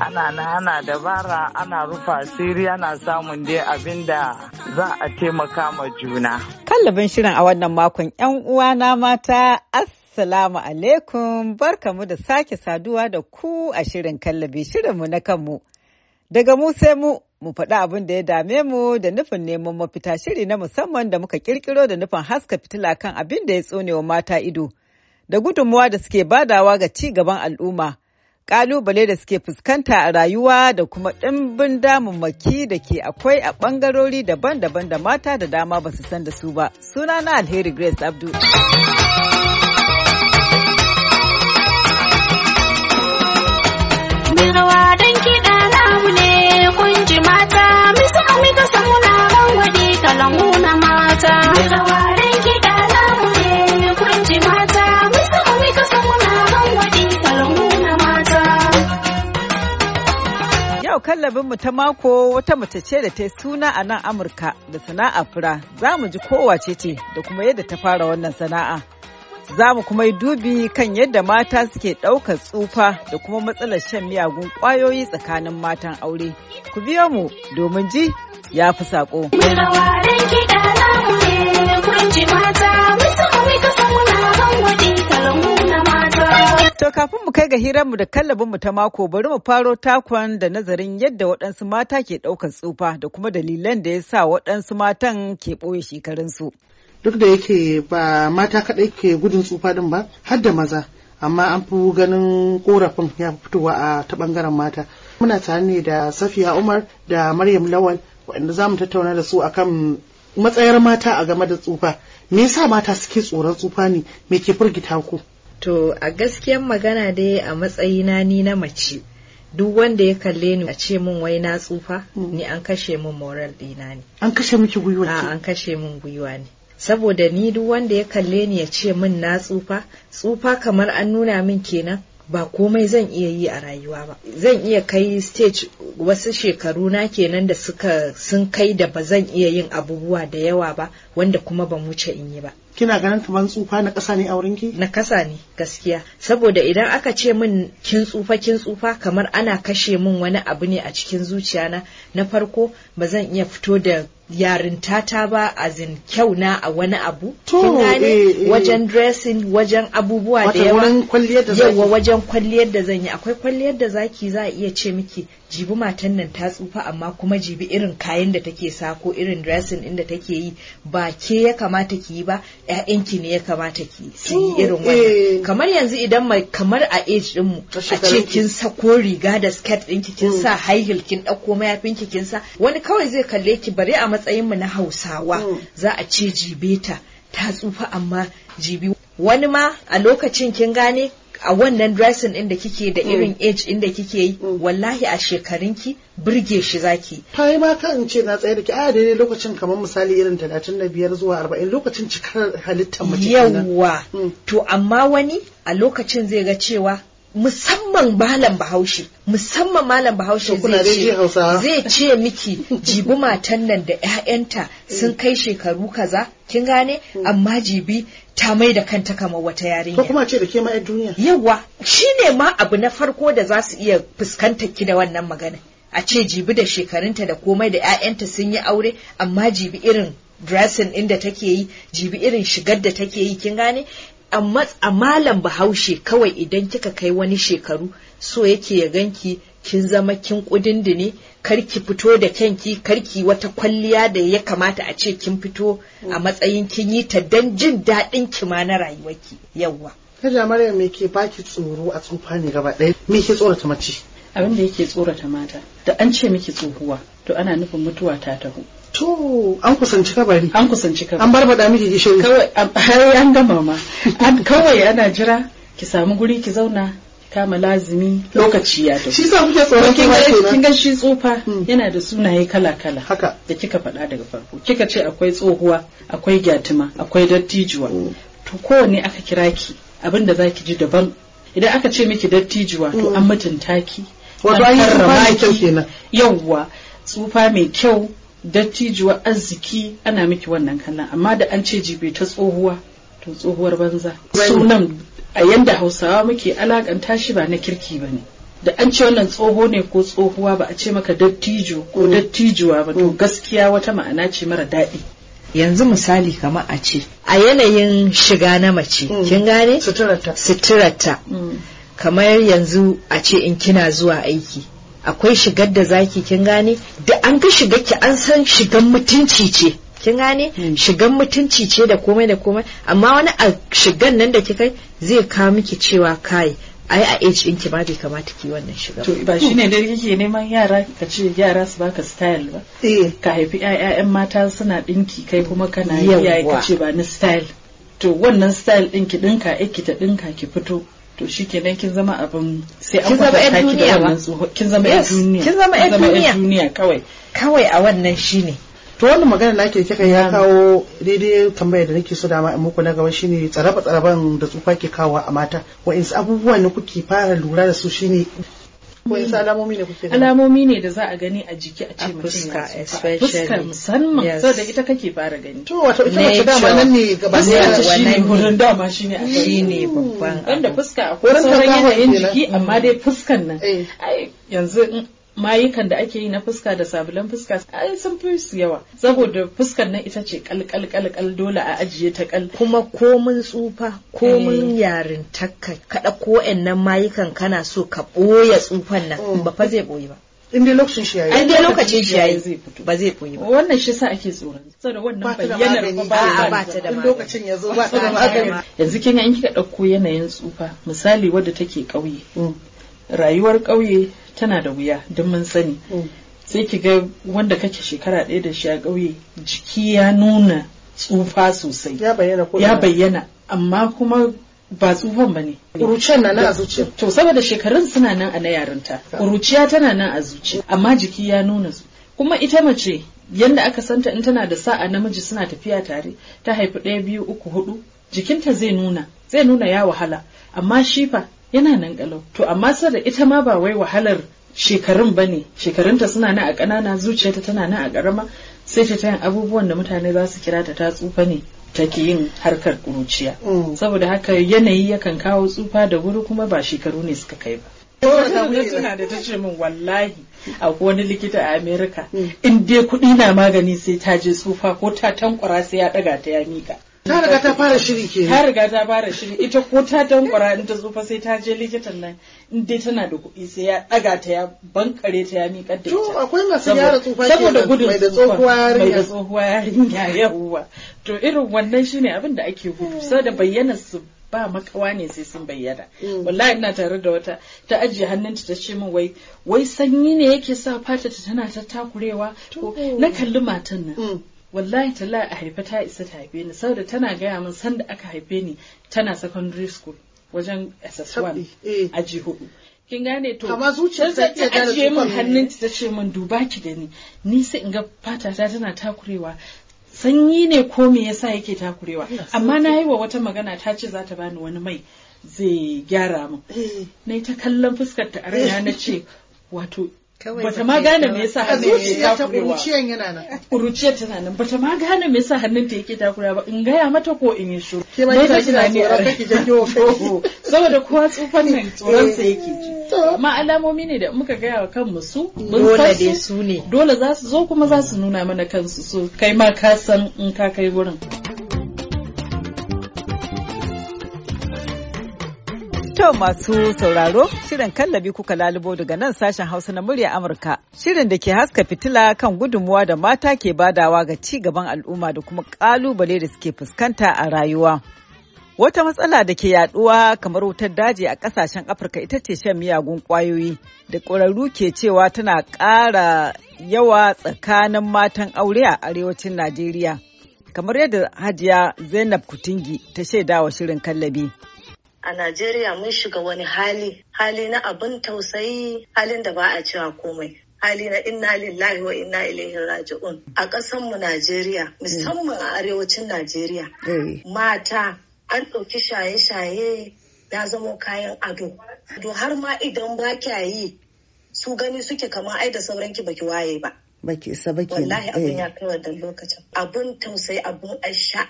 ana na ana dabara ana rufa asiri ana samun dai abin da za a taimaka ma juna. Kallabin shirin a wannan makon 'yan uwana mata Assalamu alaikum barkamu da sake saduwa da ku a shirin kallabi shirinmu na kanmu. Daga mu sai mu mu faɗi abin da ya dame mu da nufin neman mafita shiri na musamman da muka kirkiro da nufin haska fitila kan abin da ya tsonewa mata ido da gudunmuwa da suke badawa ga ci gaban al'umma. kalubale da suke fuskanta a rayuwa da kuma ɗimbin damammaki da ke akwai a ɓangarori daban-daban da mata da dama ba su san da su ba. suna na Alheri Grace Abdu. rawa don ne kun mata, na mata. yau mu ta mako wata mace ce da ta yi suna a nan Amurka da sana'a fura za mu ji kowace ce da kuma yadda ta fara wannan sana'a. Za mu kuma yi dubi kan yadda mata suke ɗaukar tsufa da kuma matsalar shan miyagun ƙwayoyi tsakanin matan aure. Ku biyo mu domin ji ya fi saƙo. mata To kafin mu kai ga hiranmu da kallabinmu ta mako bari mu faro takon da nazarin yadda waɗansu mata ke ɗaukar tsufa da kuma dalilan da ya sa waɗansu matan ke ɓoye shekarunsu. Duk da yake ba mata kaɗai ke gudun tsufa ɗin ba, har da maza. Amma an fi ganin korafin ya fitowa a ta ɓangaren mata. Muna tare ne da Safiya Umar da Maryam Lawal waɗanda za mu tattauna da su akan matsayar mata a game da tsufa. Me yasa mata suke tsoron tsufa ne? Me ke firgita ku? To a gaskiyan magana dai a matsayina ni na mace duk wanda ya kalle ni a ce min wai na tsufa mm. ni an kashe min moral ɗina ne. An kashe miki gwiwa ne? An kashe min gwiwa ne. Saboda ni duk wanda ya kalle ni ya ce min na tsufa, tsufa kamar an nuna min kenan ba komai zan iya yi a rayuwa ba zan iya kai stage wasu shekaru na kenan da suka sun kai da ba zan iya yin abubuwa da yawa ba wanda kuma ba wuce in yi ba kina ganin kamar tsufa na ƙasa ne a wurin na ƙasa ne gaskiya saboda idan aka ce min kin tsufa kin tsufa kamar ana kashe min wani abu ne a cikin zuciya na na farko ba zan iya fito da yarinta ta ba azin kyau na a wani abu kin gane eh, eh. wajen dressing wajen abubuwa da yawa yawa wajen kwalliyar da zan yi akwai kwalliyar da zaki za a iya ce miki jibi matan nan ta tsufa amma kuma jibi irin kayan da take sa ko irin dressing din da take yi ba ke ya kamata ki yi ba ƴaƴanki ne ya kamata ki su yi irin wannan eh. kamar yanzu idan mai kamar a age din mu a ce kin sa ko riga da skirt din ki kin mm. sa high heel kin ɗauko mayafin ki kin sa wani kawai zai kalle ki bare a matsayin mu na Hausawa mm. za a ce ta ta tsufa amma jibi wani ma a lokacin kin gane a wannan dressing inda da kike da mm. irin age inda da kike yi mm. wallahi a shekarunki burge shi zaki ta yi ma kan ce na tsaye da ki a daidai lokacin kamar misali irin talatin biyar zuwa arba'in lokacin cikar halittar mace wa? Mm. to amma wani a lokacin zai ga cewa musamman malam bahaushe musamman malam bahaushe zai ce miki jibi matan nan da 'ya'yanta sun kai shekaru kaza kin gane amma jibi ta mai da kanta kamar wata yarinya ko kuma ce da ke ma'ar duniya yawa shine ma abu na farko da za su iya fuskantar ki da wannan magana a ce jibi da shekarunta da komai da 'ya'yanta sun yi aure amma jibi irin dressing inda take yi jibi irin shigar da take yi kin gane a malam bahaushe kawai idan kika kai wani shekaru so yake ya ganki kin zama kin ne karki fito da kyanki karki wata kwalliya da ya kamata a ce kin fito a mm. matsayin kin yi ta don jin daɗin ki ma na rayuwarki yawwa Kaja Maryam me ke baki tsoro a tsufa ne gaba ɗaya me ke tsorata mace abin da yake tsorata mata da an ce miki tsohuwa to ana nufin mutuwa ta taho To an kusanci kabari. An kusanci kabari. An barbaɗa miki gishiri. Kawai an gama ma. Kawai ana jira ki samu guri ki zauna kama lazimi lokaci ya tafi. Shi sa muke tsoron kuma kenan. Kin ga shi tsufa hmm. yana da sunaye kala-kala. Haka. Da kika faɗa daga farko. Kika ce akwai tsohuwa, akwai gyatuma. akwai dattijuwa. Hmm. To kowanne aka kira ki abin da za ki ji daban. Idan aka ce miki dattijuwa to hmm. an mutunta ki. Wato an yi tsufa mai kyau kenan. Yawwa tsufa mai kyau dattijuwa arziki ana miki wannan kallon amma da an ce jibe ta tsohuwa to tsohuwar banza sunan a yanda hausawa muke alakanta shi ba na kirki ba ne da an ce wannan tsoho ne ko tsohuwa ba a ce maka dattijo ko mm. dattijuwa ba to mm. gaskiya wata ma'ana ce mara daɗi yanzu misali kamar a ce a yanayin shiga na mace mm. kin gane suturarta kamar yanzu a ce in kina zuwa aiki akwai shigar da zaki kin gane da an ga shigar ki an san shigar mutunci ce kin gane hmm. shigan mutunci ce da komai da komai amma wani a shigan nan da kika zai ka miki cewa kai ai a age din ki ba bai kamata ki wannan shiga to ba shine da kike neman yara ka ce yara su baka style ba eh. ka haifi ƴaƴan mata suna dinki kai kuma kana yi ka ce ba ni style to wannan style din ki dinka ki ta dinka ki fito to shi kenan kin zama abin sai an kwata ki duniya ba kin zama yan duniya kin zama yan duniya duniya kawai kawai a wannan shine to wannan magana na ke kika ya kawo daidai tambayar da nake so da ma muku na gaba shine tsaraba tsaraban da tsufa ke kawo a mata wa'insu abubuwan da kuke fara lura da su shine alamomi ne kuke Alamomi ne da za a gani a jiki a ce mutum ya Fuska musamman saboda ita kake fara gani. To wato ita mace dama nan ne gaba ɗaya shi ne wurin dama shi ne a shi ne babban. Wanda fuska akwai sauran yanayin jiki amma dai fuskan nan. Eh. Yanzu mayukan da ake yi na fuska da sabulan fuska ai sun fi su yawa saboda fuskar nan ita ce kalkal kalkal dole a ajiye ta kal kuma komun tsufa komun mm. yarin takka kada ko nan mayukan kana so ka boye tsufan nan mm. ba fa zai boye ba in dai lokacin shi yayi in dai lokacin shi yayi zai fito ba zai boye ba wannan shi sa ake tsoron saboda wannan bayyanar ba ba ta da lokacin ya zo ba ta da magani yanzu kin ga in kika dauko yanayin tsufa misali wadda take kauye mm. rayuwar kauye tana da wuya duk mun sani mm. sai ki ga wanda kake shekara ɗaya da shi a ƙauye jiki ya nuna tsufa sosai ya bayyana amma kuma ba tsufan ba ne. Ƙuruciyar na nan a zuciya. To saboda shekarun suna nan a na yarinta. Ƙuruciya tana nan a zuciya amma jiki ya nuna su. Kuma ita mace yadda aka santa in tana da sa'a namiji suna tafiya tare ta haifi ɗaya biyu uku hudu jikinta zai nuna zai nuna ya wahala amma shifa yana nan kalau to amma saboda ita ma ba wai wahalar shekarun ba ne shekarunta suna nan a ƙanana zuciyarta tana nan a karama sai ta yin abubuwan da mutane za su kira ta ta tsufa ne take yin harkar kuruciya mm. saboda haka yanayi yakan kawo tsufa da wuri kuma ba shekaru ne suka kai ba tana da ta ce min wallahi akwai wani likita a amerika mm. in dai kuɗi na magani sai ta je tsufa ko ta tankwara sai ya ɗaga ta ya mika ta riga ta fara shiri ke ta riga ta fara shiri ita ko ta tankwara in ta zo sai ta je likitan nan in dai tana da kuɗi sai ya ɗaga ta ya bankare ta ya miƙa da ita akwai masu yara tsufa ke saboda mai yarinya yawwa to irin wannan shine abin da ake gudu hmm. da bayyana su ba makawa ne sai sun bayyana hmm. wallahi ina tare da wata ta ajiye hannunta ta ce min wai wai sanyi ne yake sa fata ta tana ta takurewa na kalli matan nan hmm. wallahi talla a haifa ta isa ta haife ni saboda tana gaya min sanda aka haife ni tana secondary school wajen SS1 a hudu kin gane to amma zuciyar ta ce ta ajiye min hannunta ta ce min duba ki da ni ni sai in ga fata ta tana takurewa sanyi ne ko me yasa yake takurewa amma na yi wa wata magana ta ce za ta bani wani mai zai gyara min eh. na ta kallon fuskar ta a eh. na ce wato bata ma gane me yasa hannun yake takurewa kuruciyan yana nan kuruciyar tana nan bata ma gane me yasa hannun ta yake takura ba in gaya mata ko in yi shiru ke ma kina kina ne a kake janyo ko saboda kowa tsufan nan eh. tsoron sa yake ji amma alamomi ne da muka gaya wa kanmu su mun san dole su ne dole za su zo kuma za su nuna mana kansu so kai ma ka san in ka kai wurin To masu sauraro, shirin kallabi kuka lalubo daga nan sashen Hausa na murya Amurka. Shirin da ke haska fitila kan gudunmuwa da mata ke badawa ga ci gaban al'umma da kuma kalubale da suke fuskanta a rayuwa. Wata matsala da ke yaduwa kamar wutar daji a kasashen Afirka ita ce shan miyagun kwayoyi da ƙwararru ke cewa tana ƙara yawa tsakanin matan aure a arewacin Najeriya. Kamar yadda Hajiya Zainab Kutingi ta shaidawa shirin kallabi. a Najeriya mun shiga wani hali, hali na abin tausayi, halin da ba a cewa komai. hali na inna lillahi wa inna ilaihi raji'un a ƙasanmu Najeriya mm. musamman a arewacin Najeriya eh. mata an ɗauki shaye-shaye ya zama kayan ado Do har ma idan ba yi su gani suke kamar ai da sauran ki baki waye ba baki sa baki wallahi abin ya eh. kai wannan lokacin abun tausayi abun asha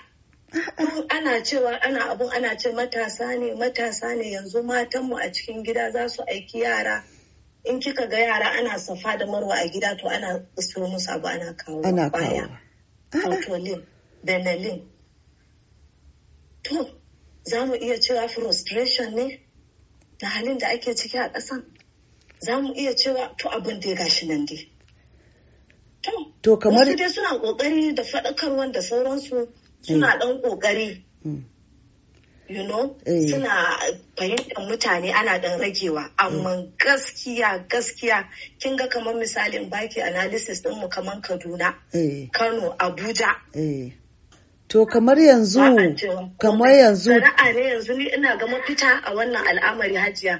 ana cewa ana abu ana ce matasa ne matasa ne yanzu matanmu a cikin gida za su aiki yara in kika ga yara ana safa da marwa a gida to ana so musu abu ana kawo ana kawo autolin benelin to za mu iya cewa frustration ne da halin da ake ciki a ƙasan za mu iya cewa to abin da ya gashi nan dai to kamar dai suna kokari da faɗakarwa da sauransu suna mm. ɗan ƙoƙari, mm. you know eh. suna fahimtar mutane ana ɗan ragewa amma mm. gaskiya gaskiya kin ga kamar misalin baki analysis ɗinmu kamar Kaduna eh. Kano Abuja eh. To kamar yanzu kamar yanzu sana'a ne yanzu ni ina ga mafita a wannan al'amari hajiya.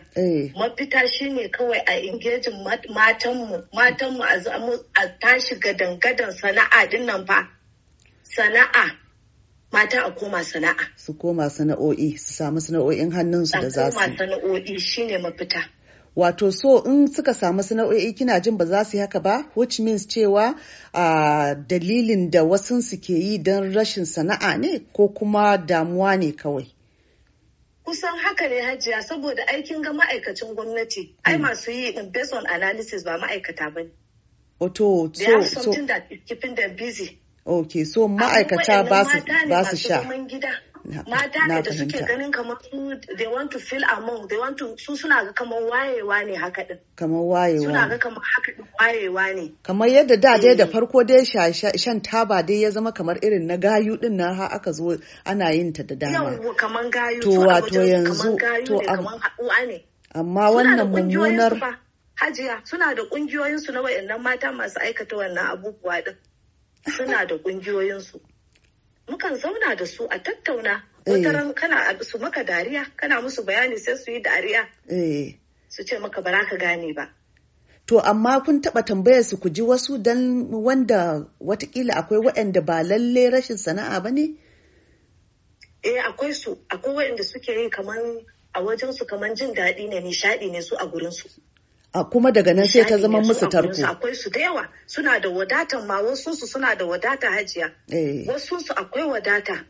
Mafita shine kawai a ingejin matanmu matanmu a tashi gadan gadan sana'a din nan fa. Sana'a mata a koma sana'a su koma sana'o'i su samu sana'o'in hannunsu da za su koma sana'o'i shine mafita wato so in suka samu sana'o'i kina jin ba za su yi haka ba which means cewa a dalilin da wasu su ke yi don rashin sana'a ne ko kuma damuwa ne kawai kusan haka ne hajiya saboda aikin ga ma'aikacin gwamnati ai mm. masu yi based on analysis ba ma'aikata ba ne. Oto, so, so, busy. ok so ma'aikata ba su sha mata ne da suke ganin kamar su they want to feel among they want to su suna ga kamar wayewa ne haka din kamar wayewa suna ga kamar haka din wayewa ne kamar yadda da dai da eh. farko dai shan taba dai ya zama kamar irin na gayu din na ha aka zo ana yin ta da dama yau kamar gayu to wato yanzu to kamar ne amma wannan mummunar hajiya suna da kungiyoyinsu na wayannan mata masu aikata wannan abubuwa din suna da ƙungiyoyinsu mukan zauna da su a tattauna eh. wataran kana su maka dariya kana musu bayani sai su yi dariya eh. su ce maka bara ka gane ba to amma kun taɓa tambayar su ku ji wasu don wanda watakila akwai waɗanda ba lalle rashin sana'a ba ne eh akwai su akwai waɗanda suke yi kamar a wajensu kamar jin daɗi ne nishaɗi ne su a gurinsu. a kuma daga nan sai ta zama musu tarko akwai su da yawa suna da wadata ma wasu su suna da wadata hajiya eh. wasu su akwai wadata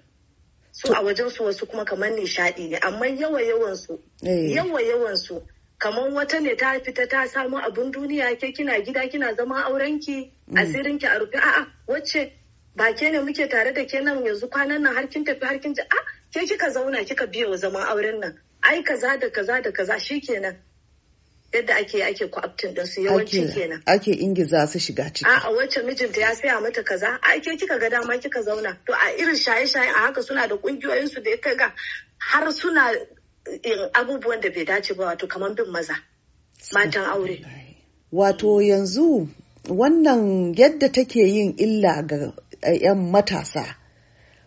su a wajen su wasu kuma kamar nishadi ne amma yawa yawan su eh. yawa yawan su kamar wata ne ta fita ta samu abin duniya ke kina gida kina zama aurenki mm. asirinki a rufe a'a wacce ba ke ne muke tare da ke nan yanzu kwanan nan har kin tafi har kin ji a ah, ke kika zauna kika biyo zama zaman auren nan ai kaza da kaza da kaza shikenan yadda ake ake kwaftin su yawanci kenan ake ingiza su shiga ciki a wacce mijinta ya saya mata kaza a ke kika ga dama kika zauna to a irin shaye shaye a haka suna da kungiyoyin su da ya ga har suna abubuwan da bai dace ba wato kamar bin maza matan aure wato yanzu wannan yadda take yin illa ga 'yan eh, matasa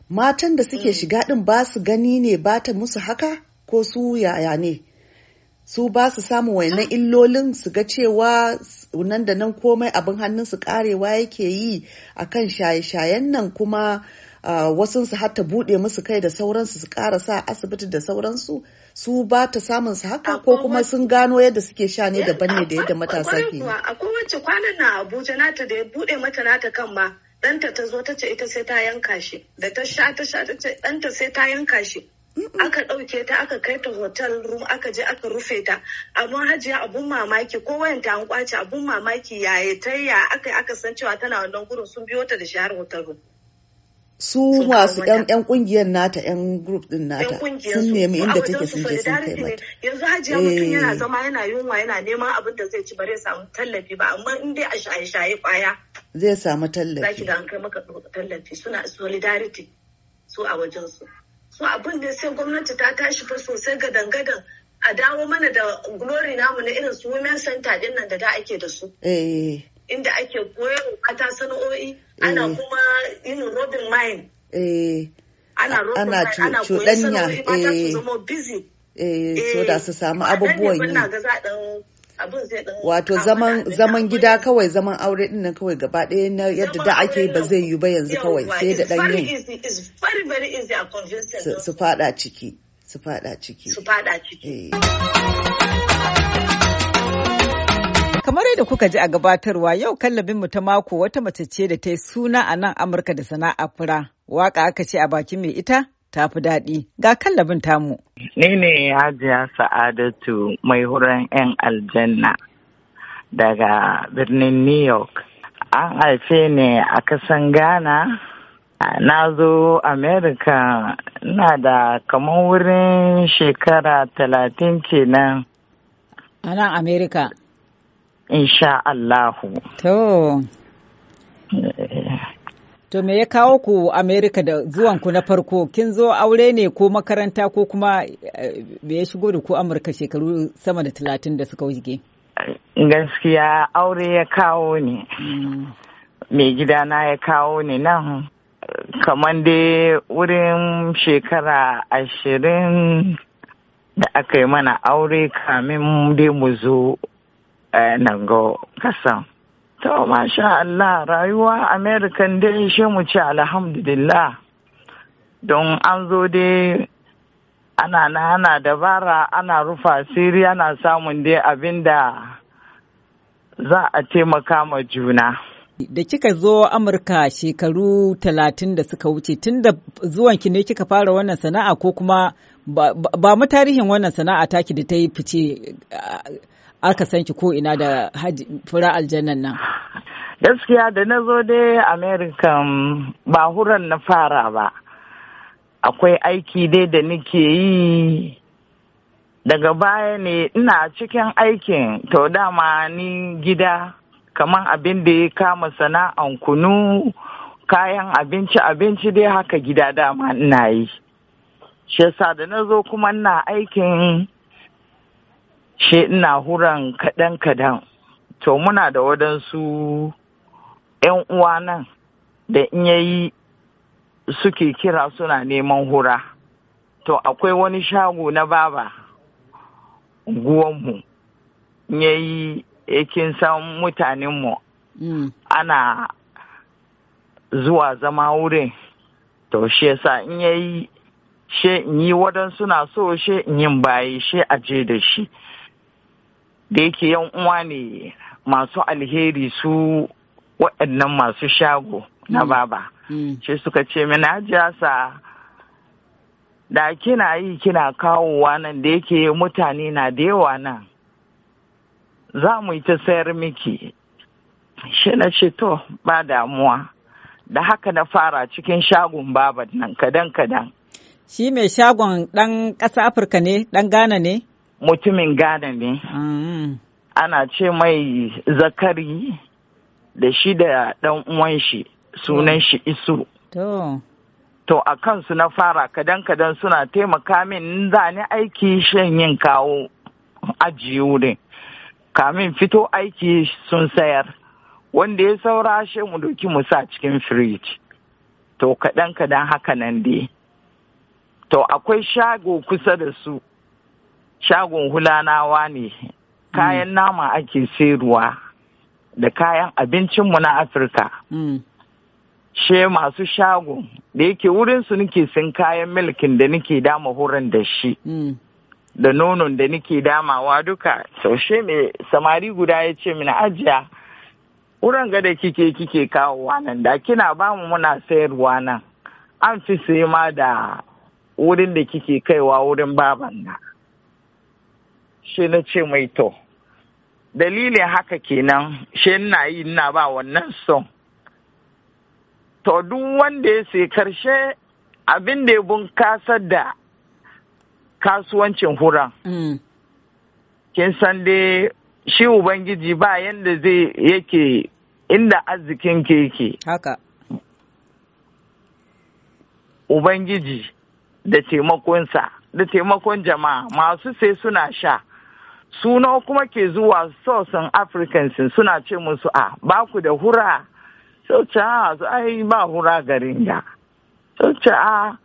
matan da suke mm. shiga din ba su gani ne ba ta musu haka ko su yaya ne su ba su samu wannan illolin su ga cewa nan da nan komai abin hannun su karewa yake yi akan shaye-shayen nan kuma wasu su hata bude musu kai da sauransu su ƙara sa asibiti da sauransu su ba ta samun su haka ko kuma sun gano yadda suke sha ne daban ne da yadda matasa ke akwai wacce kwanan na abuja nata da ya bude mata nata kan ma ɗanta ta zo ta ce ita sai ta yanka shi da ta sha ta sha ta ce ɗanta sai ta yanka shi aka ɗauke ta aka kai ta hotel room aka je aka rufe ta abun hajiya abun mamaki ko wayanta an kwace abun mamaki yaya ta ya aka aka san cewa tana wannan gurin sun biyo ta da shahar hotel room su masu yan yan kungiyar nata yan group din nata sun nemi inda take sun je sun kai mata yanzu hajiya mutum yana eh. zama yana yunwa yana neman abin da zai ci bare samu tallafi ba amma in dai a shaye shaye kwaya zai samu tallafi zaki da an kai maka tallafi suna solidarity su a wajen su mu abin da sai gwamnati ta tashi fa sosai ga dangadan a dawo mana da glory namu na irin su women center din nan da da ake da su. Eh. Inda ake koyarwa mata sana'o'i ana eh. kuma yin robin mine. Eh. Ana robin mine ana koyar sana'o'i mata su zama busy. Eh, so da su samu abubuwan yi. wato zaman gida kawai zaman aure din nan kawai gaba ɗaya na yadda da ake ba zai yi ba yanzu kawai sai da dan yin su fada ciki su fada ciki eh. kamar yadda kuka ji a gabatarwa yau kallabin mu ta mako wata mace ce da ta yi suna a nan amurka da sana'a fura waka aka ce a bakin mai ita ta fi daɗi ga kallabin tamu. Ni ne Hajiya Sa'adatu mai huran 'yan aljanna daga birnin New York. An haife ne a kasan Ghana. Na zo America na da kamar wurin shekara talatin kenan. A nan America? Insha Allahu. To. Eh. To me ya kawo ku Amerika da zuwan ku na farko? Kin zo aure ne ko makaranta ko kuma eh, me ya shigo da ku Amurka shekaru sama da talatin da suka wuce? Gaskiya aure ya kawo ne. Mm. Mai gidana ya kawo ne nan kamar dai wurin shekara ashirin da aka yi mana aure kamin dai mu zo eh, nan ga kasan. To masha Allah rayuwa American dai shi mu ci alhamdulillah don an zo dai ana na ana dabara ana rufa siri ana samun dai abin da za a taimaka ma juna. Da kika zo Amurka shekaru talatin da suka wuce tun da zuwanki ne kika fara wannan sana'a ko kuma ba, mu tarihin wannan sana'a taki da ta yi fice aka san ki ko ina da fura aljannan nan gaskiya da na zo dai american um, ba huran na fara ba akwai aiki dai da nike yi daga baya ne ina cikin aikin to dama ni gida kamar abin da ya kama sana'an kunu kayan abinci abinci dai haka gida dama ina yi shi da na zo kuma ina aikin she ina huran kaɗan kadan to muna da waɗansu 'yan uwa nan da in yayi suke kira suna neman hura to akwai wani shago na baba guwanmu yayi yakin san mutanen mu, mm. ana zuwa zama wurin to shi yasa in yayi she in yi waɗansu suna so she in yin bayi she a je da shi da yake yan uwa ne masu alheri su waɗannan masu shago na mm. baba mm. shi suka ce mina jasa da kina yi kina kawowa nan da yake mutane na da yawa nan za mu yi ta sayar miki shi na ce to ba damuwa da haka na fara cikin shagon babat nan kadan kadan shi mai shagon ɗan ƙasa afirka ne ɗan ghana ne mutumin Ghana ne. Mm-hmm. Ana ce mai zakari da shi da ɗan uwan shi sunan shi isu. To. a kansu na fara kadan-kadan suna taimaka min za aiki shan yin kawo ajiye wurin. Kamin fito aiki sun sayar. Wanda ya saura shi mu doki mu sa cikin firiji. To kadan-kadan haka nan dai. To akwai shago kusa da su. shagon hulanawa ne kayan mm. nama ake sayarwa da kayan abincinmu na afirka mm. she masu shagon da yake wurinsu nake sin kayan milkin da nake dama hurin da shi mm. da nonon da nake damawa duka taushe mai samari guda ya ce mina ajiya wurin gada kike kike kawowa nan da kina bamu muna sayarwa nan an fi sai ma da wurin da kike kaiwa wurin baban nan sai na ce mai to dalilin haka kenan shi na yi na ba wannan son to duk wanda ya sai karshe abin da ya bunkasar da kasuwancin huran mm. kin san dai shi ubangiji ba yanda zai yake inda arzikin ke yake haka ubangiji da taimakonsa da taimakon jama'a masu sai suna sha Suna kuma ke zuwa sosan africans suna ce musu a ah, ba ku da hura sauce a ah, ai ba hura garin ya sauce a ah,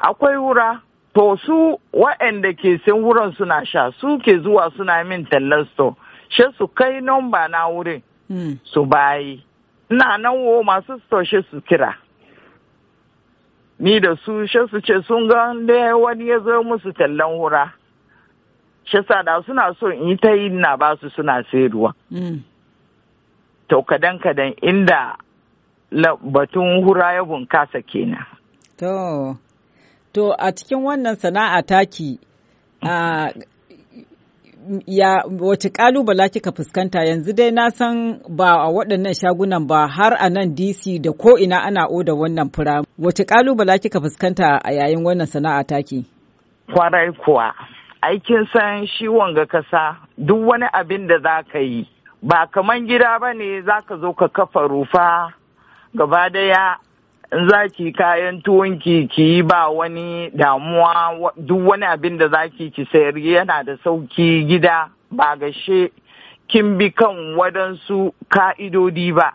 akwai hura to su waɗanda ke sin wurin suna sha su ke zuwa suna min tallasto she su kai nomba na wurin hmm. su bayi ina nan wo masu toshe su kira ni da su she su ce sun ga wani ya zo musu tallan hura shi da suna so in yi ta yi na ba su suna sayarwa mm. to kadan kadan inda batun hura ya bunkasa kenan to to a cikin wannan sana'a taki a ya wace kalubala kika fuskanta yanzu dai na san ba a waɗannan shagunan ba har a nan DC da ko ina ana oda wannan fura wace kalubala kika fuskanta a yayin wannan sana'a taki kwarai kuwa aikin san shi wanga kasa duk wani abin da za ka yi ba kaman gida ba ne za ka zo ka kafa rufa gaba daya in za ki kayan tuwon ki yi ba wani damuwa duk wani abin da za ki ki sayar yana da sauki gida ba gashe kin bi kan waɗansu ka'idodi ba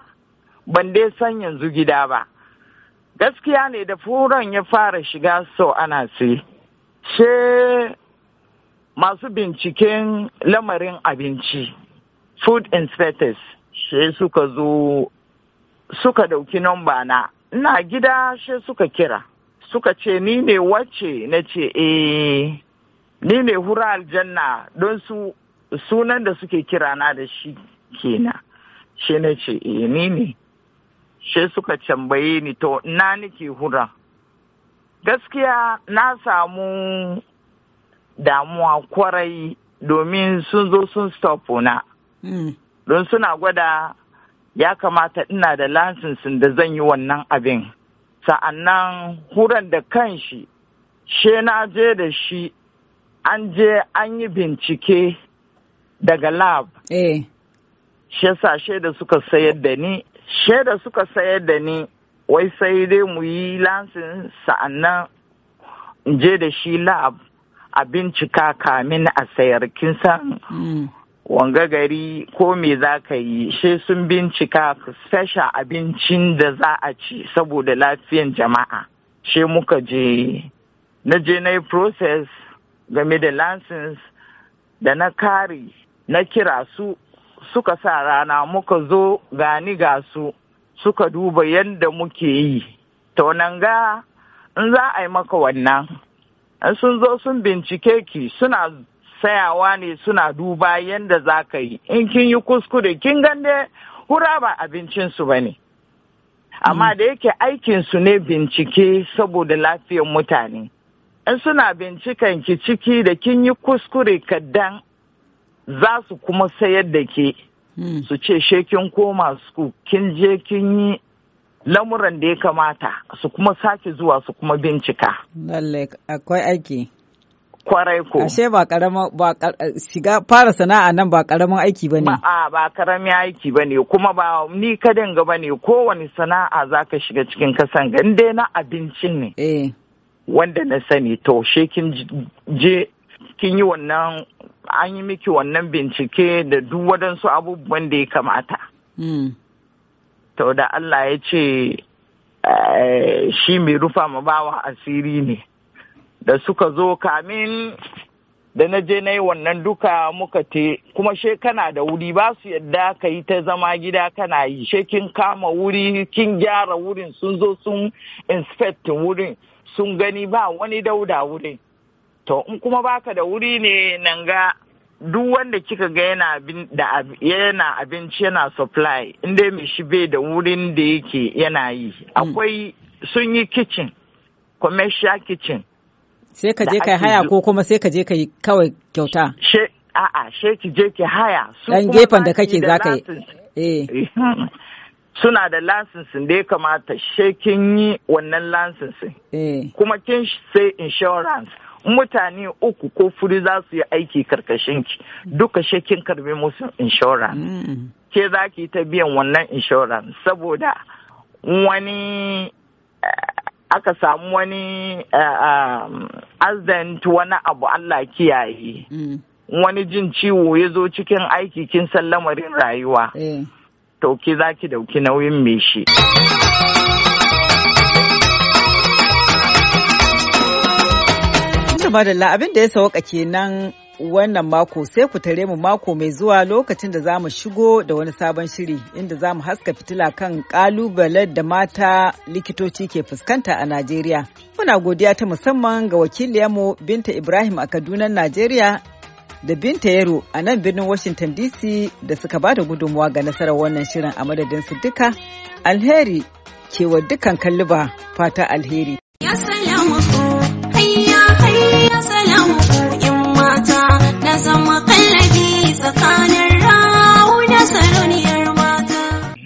ban dai san yanzu gida ba gaskiya ne da furon ya fara shiga sau ana sai masu binciken lamarin abinci food inspectors she suka zo suka dauki namba na ina gida she suka kira suka ce ni ne wacce na ce eh ni ne hura aljanna don su sunan da suke kirana na da shi kenan she na ce eh ni ne she suka cambaye ni to na nake hura gaskiya na samu damuwa kwarai domin sun zo sun stopuna. Hmm. Don suna gwada ya kamata ina da lansinsin da zan yi wannan abin. Sa'annan huran da kanshi, she na je da shi, an je an yi bincike daga lab. Eh. She sa da suka sayar da ni, she da suka sayar da ni, wai sai dai mu yi lansin sa'annan je da shi lab. a bincika kamin a sayar kin san mm. wanga gari ko me za ka yi she sun bincika special abincin da za a ci saboda lafiyan jama'a she muka je na je na yi process game da license da na kare na kira su suka sa rana muka zo gani ga su suka duba yadda muke yi to nan ga in za a yi maka wannan in sun zo sun bincike ki suna sayawa ne suna duba yadda za ka yi in kin yi kuskure kin gande hura ba abincinsu ba ne amma mm. da yake aikinsu ne bincike saboda lafiyar mutane in suna binciken ki ciki da kin yi kuskure kadan za su kuma sayar da ke mm. su ce she koma su kin je kin yi lamuran da ya kamata su kuma sake zuwa su kuma bincika. Lalle akwai aiki. Kwarai ko. Ashe ba karamin ba shiga fara sana'a nan ba karamin aiki ba ne. Ba ba karamin aiki ba ne kuma ba ni kadin ga ba ne kowane sana'a za ka shiga cikin kasan ga na abincin ne. Eh. Wanda na sani to she kin je kin yi wannan an yi miki wannan bincike da duk waɗansu abubuwan da ya kamata. Hmm. to da Allah ya ce eh, shi mai rufa ma bawa asiri ne da suka zo kamin da na je na yi wannan duka muka te kuma she kana da wuri ba su yadda ka yi ta zama gida kana yi she kin kama wuri kin gyara wurin sun zo sun inspect wurin sun gani ba wani dauda wurin to in kuma baka da wuri ne nan ga duk wanda kika ga yana yana abinci yana supply inda mai shi bai da wurin da yake yana yi mm. akwai sun yi kitchen commercial kitchen sai ka je kai haya ko kuma sai ka je kai kawai kyauta a'a she ki je ki haya dan gefen da kake zaka yi eh. suna da lansinsin da ya kamata shekin kin yi wannan lansinsin eh. kuma kin sai insurance mutane uku ko furi za su yi aiki karkashin ki duka shekin karbe musu inshoran. Mm. ke za ki ta biyan wannan inshoran. saboda wani eh, aka samu wani eh, um, accident wani abu Allah kiyaye mm. wani jin ciwo ya zo cikin aiki kin san lamarin rayuwa eh. to ki za ki dauki nauyin me shi madalla abin da ya sauka kenan wannan mako sai ku tare mu mako mai zuwa lokacin da za mu shigo da wani sabon shiri inda za mu haska fitila kan kalubalen da mata likitoci ke fuskanta a Najeriya. Muna godiya ta musamman ga wakiliyarmu Binta Ibrahim a Kaduna, Najeriya da Binta Yaro a nan birnin Washington DC da suka ba da gudunmuwa ga nasarar wannan shirin a madadin su duka. Alheri kewa dukan kalliba fata alheri. ya salamu in mata na zama kallabi tsakanin